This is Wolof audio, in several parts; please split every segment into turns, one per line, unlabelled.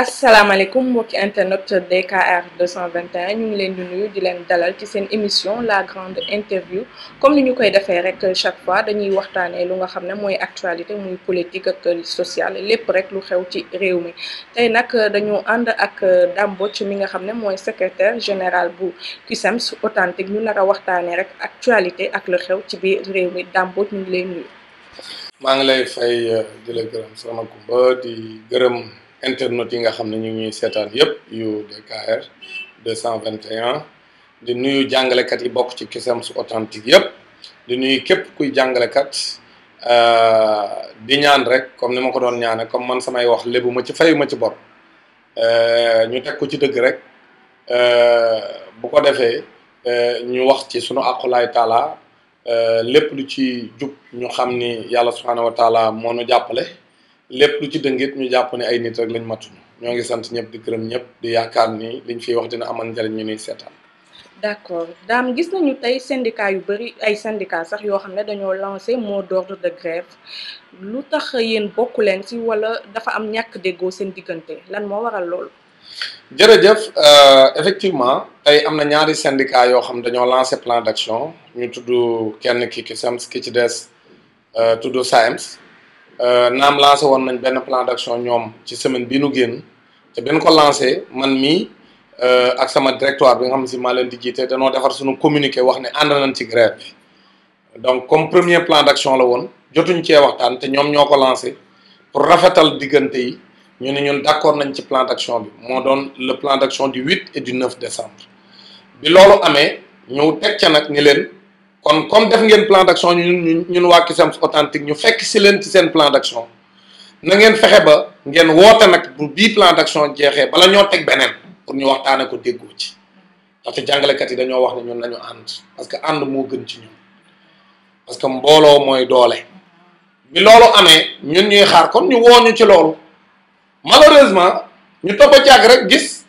asalaamaaleykum mbokki internet DKR 221 ñu ngi leen di nuyu di leen dalal ci seen émission la grande interview comme ni ñu koy defee rek chaque fois dañuy waxtaanee lu nga xam ne mooy actualité muy politique ak sociale lépp rek lu xew ci réew mi tey nag dañu ànd ak Dame mi nga xam ne mooy secretaire général bu su authentique ñu nar a waxtaanee rek actualité ak lu xew ci biir réew mi Dame ñu ngi lay nuyu.
maa ngi lay fay di la gërëm soxna Kumba di internet yi nga xam ne ñu ngi seetaan yëpp yu DKR 221 di nuyu jàngalekat yi bokk ci Cusems authentique yëpp di nuyu képp kuy jàngalekat di ñaan rek comme ni ma ko doon ñaane comme man samay wax lébu ma ci fayu ma ci bor ñu teg ko ci dëgg rek bu ko defee ñu wax ci sunu aqulaay taala lépp lu ci jub ñu xam ni yàlla subhaanahu wa taala moo nu jàppale lépp lu ci dëngit ñu jàpp ne ay nit rek lañ matuñu ñoo ngi sant ñëpp di gërëm ñëpp di yaakaar ni liñ fiy wax dina amal njariñ ñu nuy seetaan
d'accord daam gis nañu tey syndicat yu bëri ay syndicat sax yoo xam ne dañoo lancé mot d'ordre de lu tax yéen bokku leen ci wala dafa am ñàkk déggoo seen diggante lan moo waral loolu
jërëjëf euh, effectivement tey am na ñaari syndicat yoo xam dañoo lancé plan d'action ñu tudd kenn ki ki SAMS ki ci des euh, tudd SAEMS Euh, naam lancé woon nañ benn plan d'action ñoom ci semaine bi nu génn te benn ko lancé man mii euh, ak sama directoire bi nga xam si maa leen di jiite danoo defar suñu communiqué wax ne ànd nañ ci grève bi donc comme premier plan d'action la woon jotuñ cee waxtaan te ñoom ñoo ko lancé pour rafetal diggante yi ñu ne ñun d'accord nañ ci plan d'action bi moo doon le plan d'action du 8 et du 9 décembre bi loolu amee ñu teg ca nag ni leen kon comme def ngeen plan d'action ñun ñun waa Cusems authentique ñu fekk si leen ci seen plan d'action na ngeen fexe ba ngeen woote nag bu bii plan d'action jeexee bala ñoo teg beneen pour ñu waxtaane ko déggoo ci que jàngalekat yi dañoo wax ne ñun nañu ànd parce que ànd moo gën ci ñun parce que mbooloo mooy doole bi loolu amee ñun ñuy xaar kon ñu wooñu ci loolu malheureusement ñu topp jàgg rek gis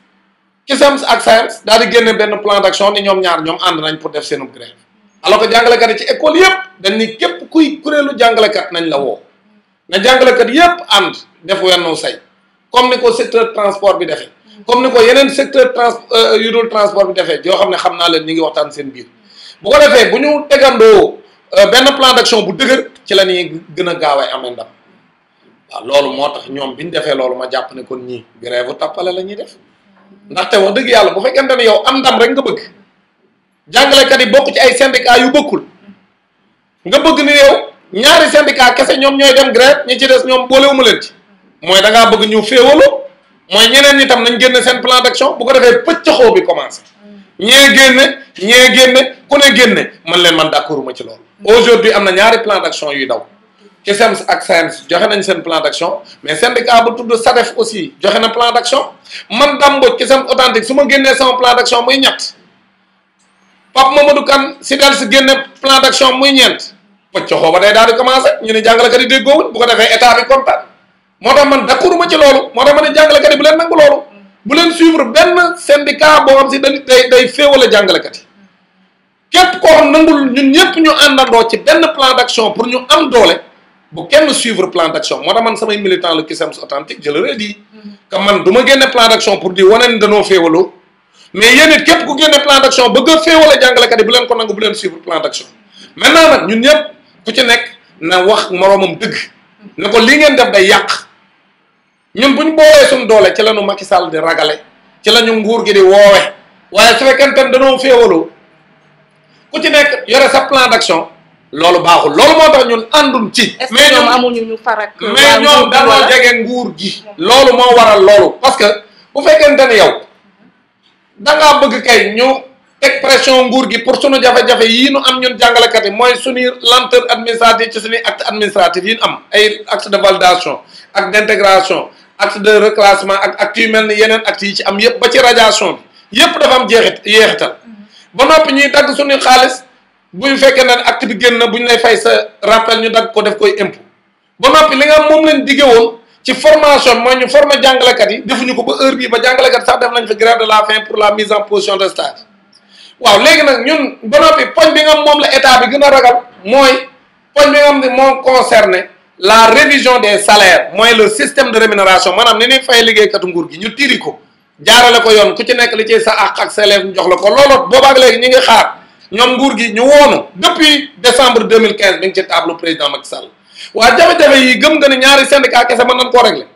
Cusems ak SAEMS daal di génne benn plan d'action ni ñoom ñaar ñoom ànd nañ pour def seenub grève alors que jàngalekat ci école yëpp dañ ni képp kuy kuréelu jàngalekat nañ la woo na jàngalekat yëpp ànd def wenn say comme ni ko secteur transport bi defee comme ni ko yeneen secteur trans euh, yu dul transport bi defee yoo xam ne xam naa leen ñi ngi waxtaan seen biir bu ko defee bu ñu tegandoo euh, benn plan d'action bu dëgër ci la ñuy gën a gaaw a amee ndam waaw loolu moo tax ñoom bi ñu defee loolu ma jàpp ne kon ñii grève bu tappale la ñuy def ndaxte wax dëgg yàlla bu fekkente ne yow am ndam rek nga bëgg jàngalekat yi bokk ci ay syndicat yu bokkul nga bëgg ni yow ñaari syndicat kese ñoom ñooy dem grève ñi ci des ñoom boolewuma leen ci mooy da ngaa bëgg ñu féewaloo mooy ñeneen ñi tam nañ génne seen plan d'action bu ko defee pëccaxoo bi commencé ñee génne ñee génne ku ne génne man leen man d'accorduma ci loolu aujourd'hui am na ñaari plan d'action yuy daw CESEMS ak SAEMS joxe nañ seen plan d'action mais syndicat bu tudd SADEF aussi joxe na plan d'action man Dame Mbodj ci CESEMS authentique su ma génnee sama ñett Pape Mamadou Kane si del si génne plan d' muy ñeent poccoxoo ba day daal di commencé ñu ne jàngalekat yi déggoowuñ bu ko defee état bi kontaan moo tax man d'accord ma ci loolu moo tax ma ne jàngalekat yi bu leen nangu loolu benn syndicat xam si dañ day day féewale jàngalekat yi képp xam nangul ñun ñëpp ñu àndandoo ci benn plan d' pour ñu am doole bu kenn suivre plan d' moo tax man samay militant le CUSEMS authentique je le redis man du génne plan d' pour di wane ne danoo féewaloo mais yéen it képp ku génne plan d' action bëgg a féewale jàngalekat yi bu leen ko nangu bu leen suivre plan d' action maintenant nag ñun ñëpp ku ci nekk na wax moroomam dëgg ne ko lii ngeen def day yàq ñun bu ñu boolee suñu doole ci la ñu Macky Sall di ragale ci la ñu nguur gi di woowe waaye su fekkente ne dañoo féewaloo ku ci nekk yore sa plan d' loolu baaxul loolu moo tax ñun àndum ci. mais ñoom
amuñu ñu farak mais ñoom dañoo jege
nguur gi. loolu moo waral loolu parce que bu fekkente ne yow. dangaa bëgg kay ñu teg pression nguur gi pour suñu jafe-jafe yii nu am ñun jàngalekat yi mooy suñuy lenteur administrative ci suñuy acte administratif yi ñu am ay acte de validation acte d' intégration acte de reclassement ak acte yu mel ni yeneen acte yi ci am yëpp ba ci radiation bi yëpp dafa am jeexit yeexital mm-hmm. ba noppi ñuy dagg suñuy xaalis buñ fekkee ne acte bi génn na bu ñu lay fay sa rappel ñu dagg ko def koy impôt ba noppi li nga moom leen diggé woon ci formation mooy ñu former jàngalekat yi defuñu ko ba heure bii ba jàngalekat sax def nañ fa grève de la faim pour la mise en position de stage waaw léegi nag ñun ba noppi poñ bi nga moom la état bi gën a ragal mooy poñ bi nga xam ne moo concerné la révision de salaires mooy le système de rémunération maanaam ni ñuy fay liggéeykatu nguur gi ñu tiri ko jaarale ko yoon ku ci nekk li ci sa àq ak sa ñu jox la ko looloo boobaak léegi ñi ngi xaar ñoom nguur gi ñu woonu depuis décembre 2015 mi ngi ci table président Macky waa jafe-jafe yi gëm nga ne ñaari syndicat kese mën nañ koo régler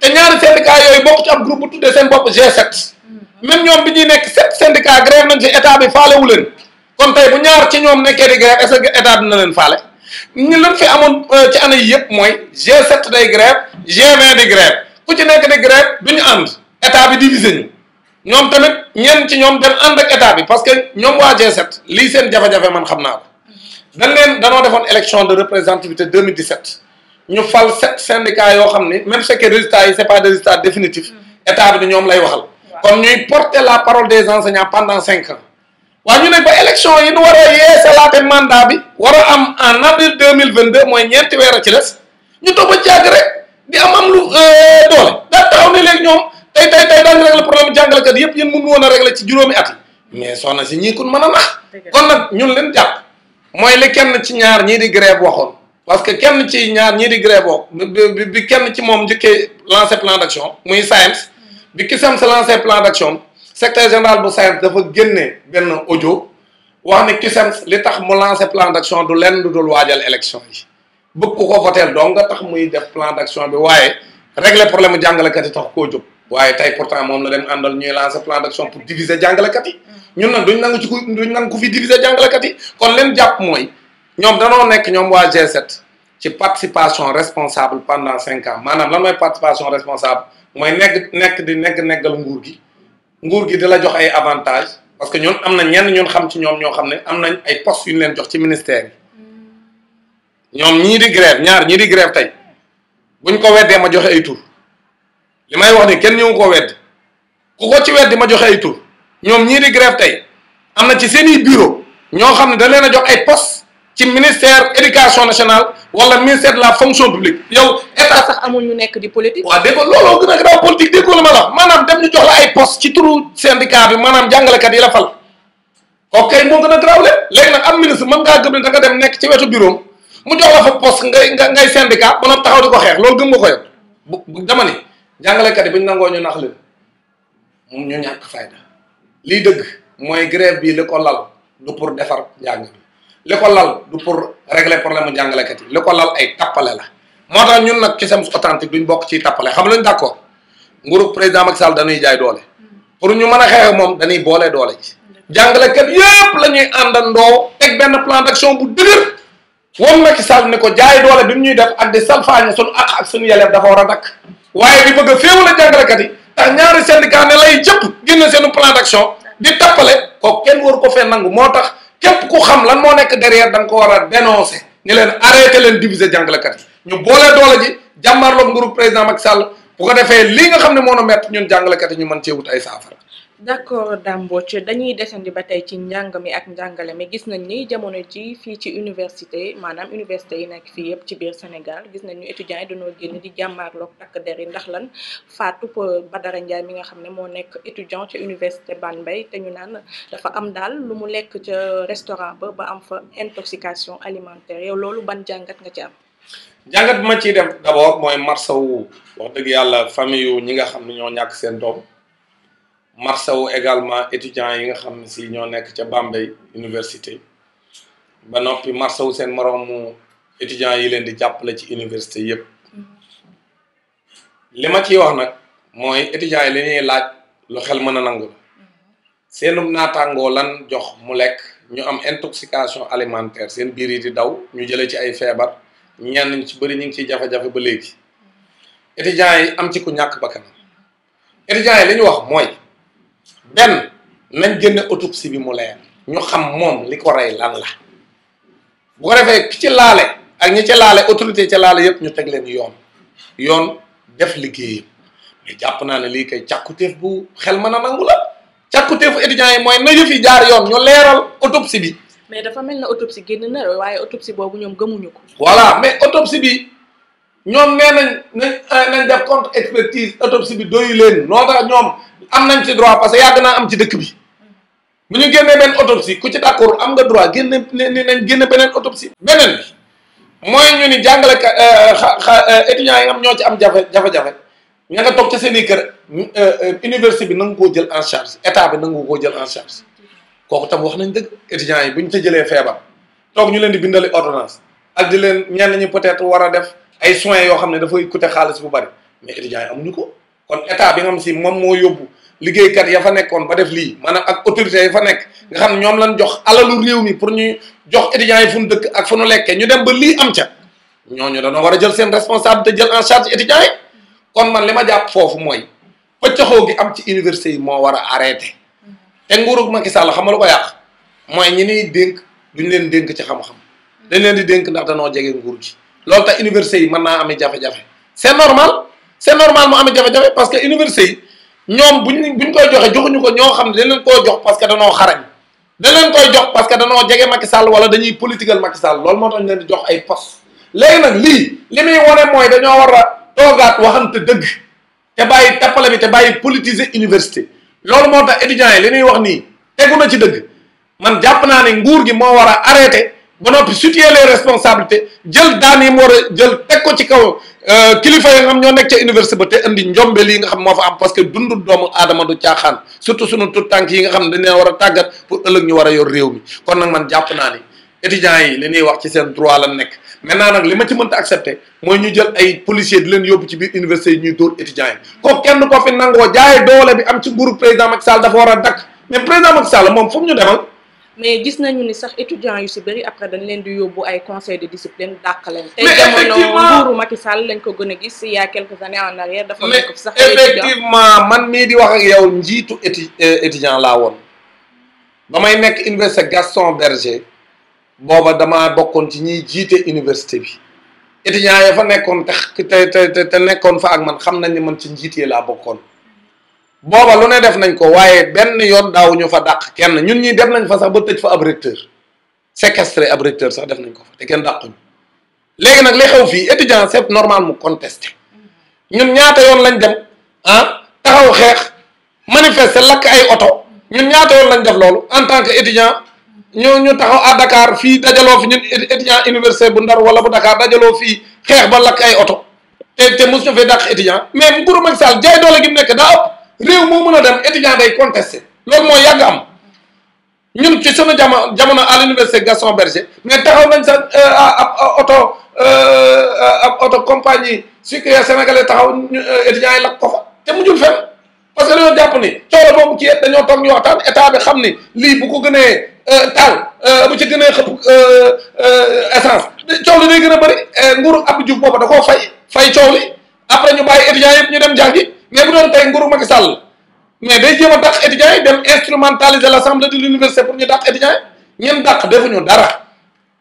te ñaari syndicat yooyu bokk ci ab groupe bu tuddee seen bopp G7 mm-hmm. même ñoom bi ñuy nekk sept syndicat grève nañ ci état bi faalewu leen kon tey bu ñaar ci ñoom nekkee di grève est-ce que état dina leen faale ñu euh, ci année yëpp mooy G7 G20 di grève ku ci nekk di grève duñu ànd état bi divisé ñu ñoom tamit ñenn ci ñoom dem ànd ak état bi parce que ñoom waa G7 lii seen jafe-jafe man xam naa ko dañ leen danoo defoon élection de représentativité 2017 ñu fal sept syndicats yoo xam ni même ce que résultat yi c'est pas des résultats définitifs mm-hmm. état bi ñoom lay waxal. kon ñuy porter la parole des enseignants pendant cinq ans. waa ñu ne ba élection yi ñu war yeesalaate mandat bi war a am en avril deux mille vingt deux mooy ñeenti weer ci des ñu toog jàgg rek di am am lu euh, doole daa taxaw ne léegi ñoom tey tey tey daañu régler problème jàngalekat yëpp yéen mënu woon a régler ci juróomi at yi mais soxna si ñii kon mën a kon nag ñun leen jàpp mooy li kenn ci ñaar ñii di grève waxoon parce que kenn ci ñaar ñii di grève wax bi kenn ci moom njëkkee lancé plan d'action muy SAEMS bi kisam sa lancé plan d'action secrétaire général bu SAEMS dafa génnee benn audio wax ne CUSEMS li tax mu lancé plan d'action du lenn du dul waajal élection yi bëgg ko ko voteel donc nga tax muy def plan d'action bi waaye régler problème mu jàngalekat yi tax koo jóg waaye tey pourtant moom la dem àndal ñuy lancer plan d'action pour diviser jàngalekat yi. ñun nag duñ nangu ci ku duñ nangu ku fi diviser jàngalekat yi kon leen jàpp mooy ñoom danoo nekk ñoom waa G7 ci participation responsable pendant cinq ans maanaam lan mooy participation responsable mooy nekk nekk di negg neggal nguur gi nguur gi di la jox ay avantages parce que ñun am na ñenn ñun xam ci ñoom ñoo xam ne am nañ ay post yu ñu leen jox ci ministère ñoom ñii di ñaar ñii di grève tey buñ ko weddee ma joxe ay tur. li may wax ni kenn ñëw koo weddi ku ko ci weddi ma joxe ay tur ñoom ñii di grève tey am na ci seeni bureau ñoo xam ne da leen a jox ay post ci ministère éducation nationale wala ministère la fonction publique yow
état sax amul ñu nekk di politique. waaw dégg nga looloo gën
a grave politique déggoo la ma la maanaam dem ñu jox la ay poste ci turu syndicat bi maanaam jàngalekat yi la fal ok moo gën a grave léegi nag am ministre mën ngaa gëm ne da nga dem nekk ci wetu bureau mu jox la fa poste ngay ngay syndicat ba nga taxaw di ko xeex loolu gëm nga ko yow bu dama ni jàngalekat yi bu ñu nangoo ñu nax leen ñu ñàkk fayda lii dëgg mooy grève bii li ko lal du pour defar njàng bi li ko lal du pour régler problème mu jàngalekat yi li ko lal ay tappale la moo tax ñun nag Cusems authentique duñ bokk ci tappale xam lañ ko nguuru président Macky Sall dañuy jaay doole pour ñu mën a xeex moom dañuy boolee doole ci jàngalekat yëpp la ñuy àndandoo teg benn plan d'action bu dëgër woon Macky Sall ne ko jaay doole bi mu ñuy def ak di salfaañe suñu ak ak suñu yelleef dafa war a dakk waaye di bëgg a féewale jàngalekat yi tax ñaari syndicat ne lay jëpp génn seenu plan d'action di tappale ko kenn war ko fee nangu moo tax képp ku xam lan moo nekk derrière da nga ko war a dénoncer ñu leen arrêté leen diviser jàngalekat ñu boolee doole ji jàmmarloog nguuru président Macky Sall bu ko defee lii nga xam ne moo na mett ñun jàngalekat yi ñu mën cee wut ay saafara
d'accord Dame Mbodj dañuy desandi ba tey ci njàng mi ak njàngale mi gis nañ ni jamono ci fii ci université maanaam université yi nekk fii yëpp ci biir Sénégal gis nañu ni étudiants yi dañoo génn di jàmmaarloog takk der yi ndax lan Fatou Badara Ndiaye mi nga xam ne moo nekk étudiant ca université mbay te ñu naan dafa am daal lu mu lekk ca restaurant ba ba am fa intoxication alimentaire yow loolu ban jàngat nga ci am.
jàngat ma ci def d'abord mooy marsawu wax dëgg yàlla ñi nga xam ne ñoo ñàkk seen doom. marsawu également étudiants yi nga xam ne si ñoo nekk ca Bambey université ba noppi marsawu seen moroomu étudiants yi leen di jàpp jàppale ci université yëpp li ma ciy wax nag mooy étudiants yi li laaj lu xel mën a nangu la seenum naataangoo lan jox mu lekk ñu am intoxication alimentaire seen biir yi di daw ñu jëlee ci ay feebar ñenn ñu ci bëri ñu ngi ciy jafe-jafe ba léegi étudiants yi am ci ku ñàkk bakkan étudiants yi li ñu wax mooy benn nañ génne autopsie bi mu leer ñu xam moom li ko rey lan la bu ko ki ci laale ak ñi ci laale autorité ci laale yëpp ñu teg leen yoon yoon def liggéeyam mais jàpp naa ne lii kay càkkutéef bu xel mën a nangu la càkkutéefu étudiants yi mooy na yëf yi jaar yoon ñu leeral autopsie bi.
mais dafa mel ne autopsie génn na waaye autopsie boobu ñoom gëmuñu ko. voilà
mais autopsie bi ñoom nee nañ nañ nañ def contre expertise autopsie bi doyu leen noo ñoom. am nañ ci droit parce que yàgg naa am ci dëkk bi bu ñu génnee benn autopsie ku ci d'accord am nga droit génne ni nañ génne beneen autopsie. beneen bi mooy ñu ni jàngale euh, xa xa euh, étudiants yi am ñoo ci am jafe jafe-jafe nga toog ca seen i kër euh, université bi nangu koo jël en charge état bi nangu ko jël en charge kooku tam wax nañ dëgg étudiants yi bu ñu ca jëlee feebar toog ñu leen di bindali ordonnance ak di leen ñenn ñi peut-être war a def ay soins yoo xam ne dafay coûter xaalis bu bari mais étudiants yi amuñu ko. kon état bi nga xam si moom moo yóbbu liggéeykat ya fa nekkoon ba def lii maanaam ak autorité ya fa nekk nga xam ñoom lan jox alalu réew mi pour ñu jox étudiants yi fu nu dëkk ak fu nu lekkee ñu dem ba lii am ca ñooñu dañoo war a jël seen responsabilité jël en charge étudiants yi kon man li ma jàpp foofu mooy pëccaxoo gi am ci université yi moo war a arrêté te nguurug Macky Sall xam nga lu ko yàq mooy ñi niy dénk duñ leen dénk ci xam-xam dañ leen di dénk ndax danoo jege nguur gi loolu tax université yi mën naa amee jafe c'est normal mu amee jafe-jafe parce que université yi ñoom buñ buñ koy joxe joxuñu ko ñoo xam ne dañ leen koo jox parce que danoo xarañ dañ leen koy jox parce que danoo jege Macky Sall wala dañuy politiqueal Macky Sall loolu moo tax ñu leen di jox ay poste léegi nag lii li muy wane mooy dañoo war a toogaat waxante dëgg te bàyyi tappale bi te bàyyi politiser université loolu moo tax étudiants yi li muy wax nii tegu na ci dëgg man jàpp naa ne nguur gi moo war a arrêté ba noppi situer les responsabilités jël daan yi war a jël teg ko ci kaw euh, kilifa yi nga xam ñoo nekk ca université ba te indi njombe lii nga xam moo fa am parce que dundu doomu aadama du caaxaan surtout sunu tout tànk yi nga xam dañ leen war a tàggat pour ëllëg ñu war a yor réew mi kon nag man jàpp naa ni étudiants yi li wax ci seen droit la nekk maintenant nag li ma ci mënta accepté mooy ñu jël ay policiers di leen yóbbu ci biir université yi ñuy dóor étudiants yi ko kenn ko fi a dakk mais moom fu ñu
demal mais gis nañu ni sax étudiants yu si bëri après dañ leen di yóbbu ay conseil de discipline dàq leen. mais effectivement tey jamono nguuru Sall lañ ko gën a gis il y a quelques années en dafa nekk fi sax effectivement man
mii di wax ak yow njiitu éti euh, étudiant laa woon. ba may nekk université Gaston Berger booba dama bokkoon ci ñiy jiite université bi étudiants ya fa nekkoon tax te te te nekkoon fa ak man xam nañ ne man ci njiit yi laa bokkoon. booba lu ne def nañ ko waaye benn yoon daaw ñu fa dàq kenn ñun ñi dem nañ fa sax ba tëj fa ab recteur séquestré ab recteur sax def nañ ko fa te kenn dàquñu léegi nag li xew fii étudiant c'est normal mu contesté ñun ñaata yoon lañ dem ah taxaw xeex manifester lakk ay oto ñun ñaata yoon lañ def loolu en tant que étudiant ñoo ñu taxaw à Dakar fii dajaloo fi ñun étudiant université bu Ndar wala bu Dakar dajaloo fii xeex ba lakk ay oto te te mosu ñu fee dàq étudiant mais nguuru Macky Sall gi mu nekk daa ëpp réew moo mën a dem étudiant day contesté loolu mooy yàgg am ñun su sunu jamono jamono à l'université Gaston Berger mais taxaw nañ sax ab oto ab oto compagnie sucrière sénégalais taxaw euh, étudiants yi ko fa te mujjul parce que dañoo jàpp ni coono boobu ci dañoo toog ñu waxtaan état bi xam ni lii bu ko gënee euh, taal euh, bu ci gën gënee xëpp essence coow li day gën a bëri nguuru Abdou Diouf boobu da koo fay fay coow li après ñu bàyyi étudiants ñu dem jàngi mais bu doon tey nguuru Macky Sall mais day jéem a dàq étudiants yi dem instrumentaliser l' assemblée de l' université pour ñu dàq étudiants yi ñun dàq defuñu dara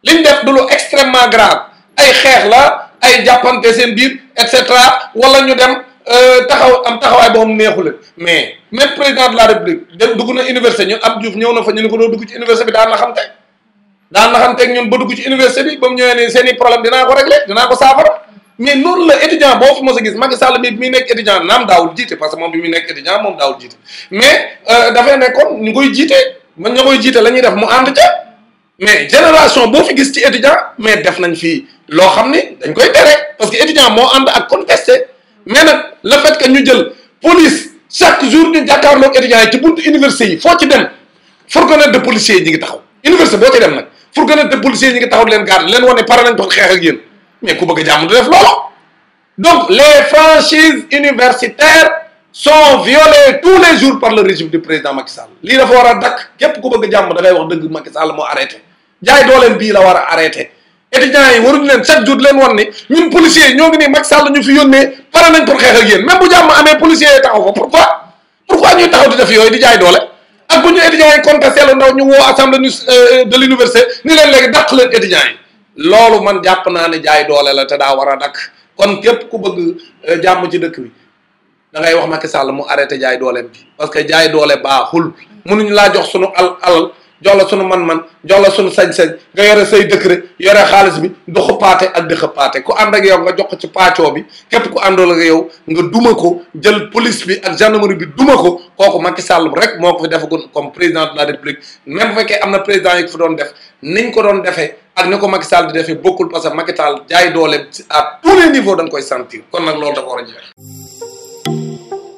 liñ def du lu extrêmement grave ay xeex la ay jàppante seen biir et cetera wala ñu dem euh, taxaw am taxawaay boo xam neexule mais même président de la république dem dugg na université ñun am Diouf ñëw na fa ñu ne ko doo dugg ci université bi daan na xam te daan na xam teg ñun ba dugg ci université bi ba mu ñëwee ne mais noonu la étudiant boo fi mos a gis Macky Sall bi muy nekk étudiant naam daawul jiite parce que moom bi muy nekk étudiant moom daawul jiite mais euh, dafay nekkoon ñu koy man ña koy jiite la ñuy def mu ànd ca mais génération gis ci étudiant mais def nañ fi loo xam ni dañ koy tere parce que étudiant moo ànd ak contesté mais nag le fait que ñu jël police chaque jour ñu jàkkaarloog étudiants yi ci buntu université yi foo ci dem fourgonnette de policiers yi ñu ngi taxaw université boo ci dem nag fourgonnette de policiers yi ñu ngi mais ku bëgg a jàmm du def loolu donc les franchises universitaires sont violées tous les jours par le régime du président Macky lii dafa war a dakk képp ku bëgg a jàmm da wax dëgg Macky moo arrêté jaay dooleen bii la war a arrêté étudiants yi waruñu leen chaque jour leen wan ni ñun policiers ñoo ngi nii Macky Sall ñu fi yónnee pare nañ pour xeex ak yéen même bu amee policiers yi taxaw fa pourquoi pourquoi ñuy taxaw di def jaay doole ak bu ñu étudiants loolu man jàpp naa ne jaay doole la te daa war a dakk kon képp ku bëgg euh, jàmm ci dëkk bi da ngay wax Macky Sall mu arrêté jaay dooleem bi parce que jaay doole baaxul mm. mënuñu laa jox sunu al alal jox la sunu man-man jox la sunu sañ-sañ nga yore say décret yore xaalis bi du xëppaate ak di xëppaate ku ànd ak yow nga jox ko ci paacoo bi képp ku àndool yow nga duma ko jël police bi ak gendarmerie bi duma ko kooku Macky Sall rek moo ko fi defagun comme président de la république même bu fekkee am na président yi ko fa doon def niñ ko doon defee ak ni ko Macky sal di defee bokkul parce que Macky Sall jaay doole à tous les niveaux dañ koy sentir kon nag loolu dafa war a